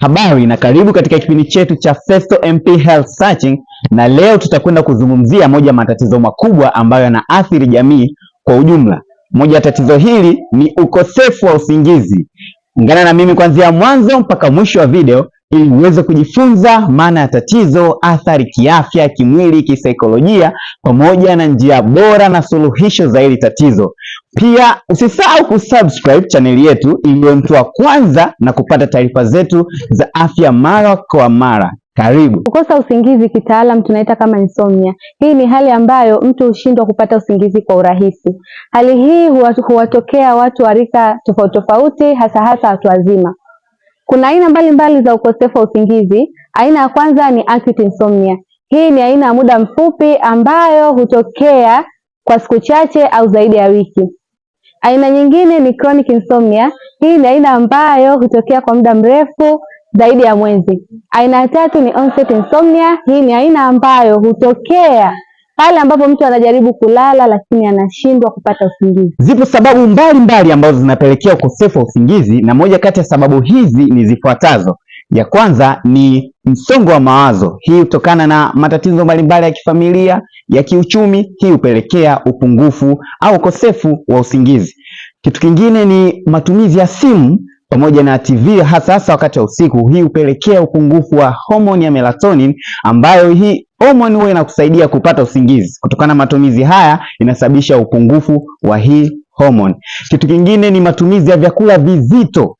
Habari na karibu katika kipindi chetu cha Festo MP Health Searching, na leo tutakwenda kuzungumzia moja ya matatizo makubwa ambayo yanaathiri jamii kwa ujumla. Moja ya tatizo hili ni ukosefu wa usingizi. Ungana na mimi kuanzia mwanzo mpaka mwisho wa video ili uweze kujifunza maana ya tatizo, athari kiafya, kimwili, kisaikolojia, pamoja na njia bora na suluhisho za hili tatizo. Pia usisahau kusubscribe chaneli yetu ili mtu wa kwanza na kupata taarifa zetu za afya mara kwa mara. Karibu. Kukosa usingizi kitaalam tunaita kama insomnia. Hii ni hali ambayo mtu hushindwa kupata usingizi kwa urahisi. Hali hii huwatokea watu wa rika tofauti tofauti, hasa hasa watu wazima. Kuna aina mbalimbali za ukosefu wa usingizi. Aina ya kwanza ni acute insomnia. Hii ni aina ya muda mfupi ambayo hutokea kwa siku chache au zaidi ya wiki. Aina nyingine ni chronic insomnia. Hii ni aina ambayo hutokea kwa muda mrefu zaidi ya mwezi. Aina ya tatu ni onset insomnia. Hii ni aina ambayo hutokea pale ambapo mtu anajaribu kulala lakini anashindwa kupata usingizi. Zipo sababu mbalimbali mbali ambazo zinapelekea ukosefu wa usingizi, na moja kati ya sababu hizi ni zifuatazo. Ya kwanza ni msongo wa mawazo. Hii hutokana na matatizo mbalimbali ya kifamilia, ya kiuchumi. Hii hupelekea upungufu au ukosefu wa usingizi. Kitu kingine ni matumizi ya simu pamoja na TV hasa wakati wa usiku. Hii hupelekea upungufu wa homoni ya melatonin, ambayo hii homoni huwa inakusaidia kupata usingizi. Kutokana na matumizi haya, inasababisha upungufu wa hii homoni. Kitu kingine ni matumizi ya vyakula vizito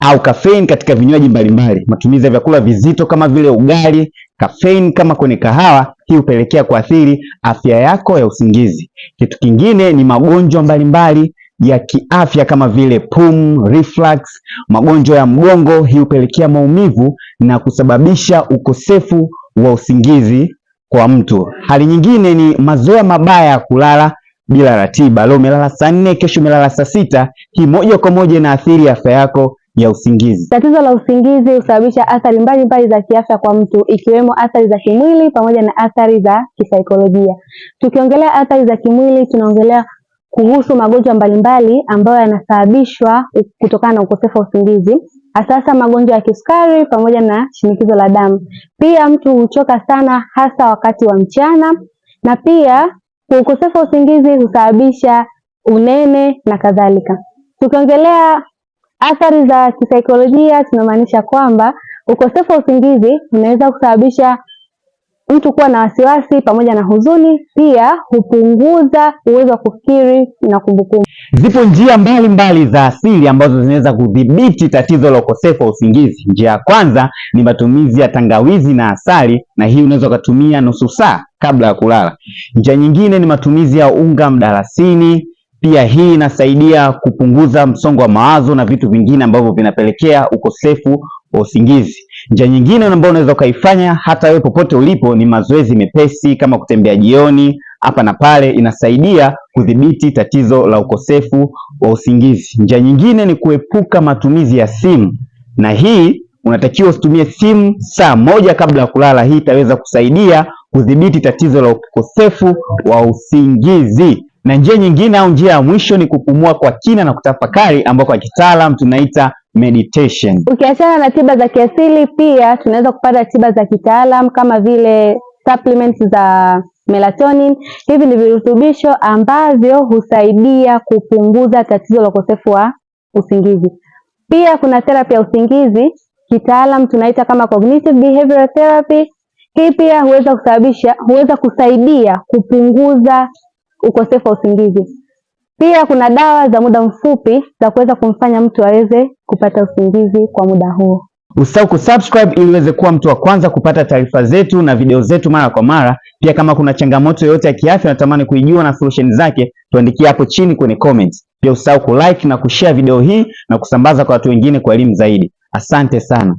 au kafein katika vinywaji mbalimbali. Matumizi ya vyakula vizito kama vile ugali, kafein kama kwenye kahawa, hii hupelekea kuathiri afya yako ya usingizi. Kitu kingine ni magonjwa mbalimbali ya kiafya kama vile pum, reflux, magonjwa ya mgongo. Hii hupelekea maumivu na kusababisha ukosefu wa usingizi kwa mtu. Hali nyingine ni mazoea mabaya ya kulala bila ratiba. Leo umelala saa nne, kesho umelala saa sita. Hii moja kwa moja inaathiri afya yako ya usingizi. Tatizo la usingizi husababisha athari mbalimbali za kiafya kwa mtu ikiwemo athari za kimwili pamoja na athari za kisaikolojia. Tukiongelea athari za kimwili tunaongelea kuhusu magonjwa mbalimbali ambayo yanasababishwa kutokana na ukosefu wa usingizi, hasa magonjwa ya kisukari pamoja na shinikizo la damu. Pia mtu huchoka sana hasa wakati wa mchana, na pia ukosefu wa usingizi husababisha unene na kadhalika. Tukiongelea athari za kisaikolojia, tunamaanisha kwamba ukosefu wa usingizi unaweza kusababisha mtu kuwa na wasiwasi pamoja na huzuni, pia hupunguza uwezo wa kufikiri na kumbukumbu. Zipo njia mbalimbali mbali za asili ambazo zinaweza kudhibiti tatizo la ukosefu wa usingizi. Njia ya kwanza ni matumizi ya tangawizi na asali, na hii unaweza ukatumia nusu saa kabla ya kulala. Njia nyingine ni matumizi ya unga mdalasini, pia hii inasaidia kupunguza msongo wa mawazo na vitu vingine ambavyo vinapelekea ukosefu wa usingizi. Njia nyingine ambayo unaweza ukaifanya hata wewe popote ulipo ni mazoezi mepesi kama kutembea jioni hapa na pale, inasaidia kudhibiti tatizo la ukosefu wa usingizi. Njia nyingine ni kuepuka matumizi ya simu, na hii unatakiwa usitumie simu saa moja kabla ya kulala. Hii itaweza kusaidia kudhibiti tatizo la ukosefu wa usingizi. Na njia nyingine au njia ya mwisho ni kupumua kwa kina na kutafakari, ambako kwa kitaalam tunaita meditation. Ukiachana na tiba za kiasili, pia tunaweza kupata tiba za kitaalam kama vile supplements za melatonin. Hivi ni virutubisho ambavyo husaidia kupunguza tatizo la ukosefu wa usingizi. Pia kuna therapy ya usingizi kitaalam tunaita kama cognitive behavioral therapy. Hii pia huweza kusababisha huweza kusaidia kupunguza ukosefu wa usingizi. Pia kuna dawa za muda mfupi za kuweza kumfanya mtu aweze kupata usingizi kwa muda huo. Usisahau kusubscribe ili uweze kuwa mtu wa kwanza kupata taarifa zetu na video zetu mara kwa mara. Pia kama kuna changamoto yoyote ya kiafya unatamani kuijua na solution zake, tuandikie hapo chini kwenye comments. Pia usisahau kulike na kushare video hii na kusambaza kwa watu wengine kwa elimu zaidi. Asante sana.